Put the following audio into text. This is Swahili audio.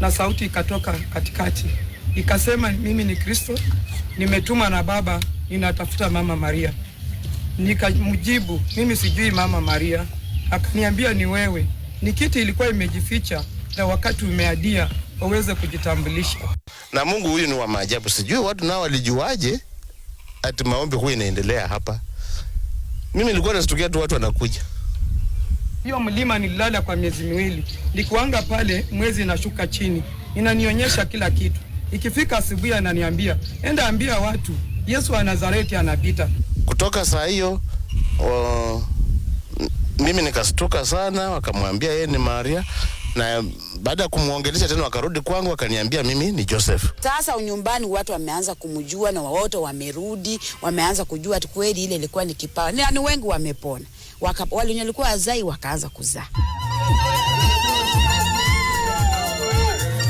na sauti ikatoka katikati ikasema, mimi ni Kristo, nimetumwa na Baba, ninatafuta mama Maria. Nikamjibu, mimi sijui mama Maria. Akaniambia, ni wewe. ni kiti ilikuwa imejificha na wakati umeadia waweze kujitambulisha. Na Mungu huyu ni wa maajabu, sijui watu nao walijuaje ati maombi huyu inaendelea hapa. Mimi nilikuwa nashtukia tu watu wanakuja hiyo mlima nililala kwa miezi miwili, nikuanga pale, mwezi inashuka chini, inanionyesha kila kitu. Ikifika asubuhi, ananiambia enda ambia watu Yesu wa Nazareti anapita. Kutoka saa hiyo mimi nikastuka sana, wakamwambia yeye ni Maria, na baada ya kumwongelesha tena wakarudi kwangu, wakaniambia mimi ni Joseph. Sasa nyumbani watu wameanza kumjua na wote wamerudi, wameanza kujua kweli ile ilikuwa ni kipawa, ni wengi wamepona wale wenye walikuwa wazai wakaanza kuzaa.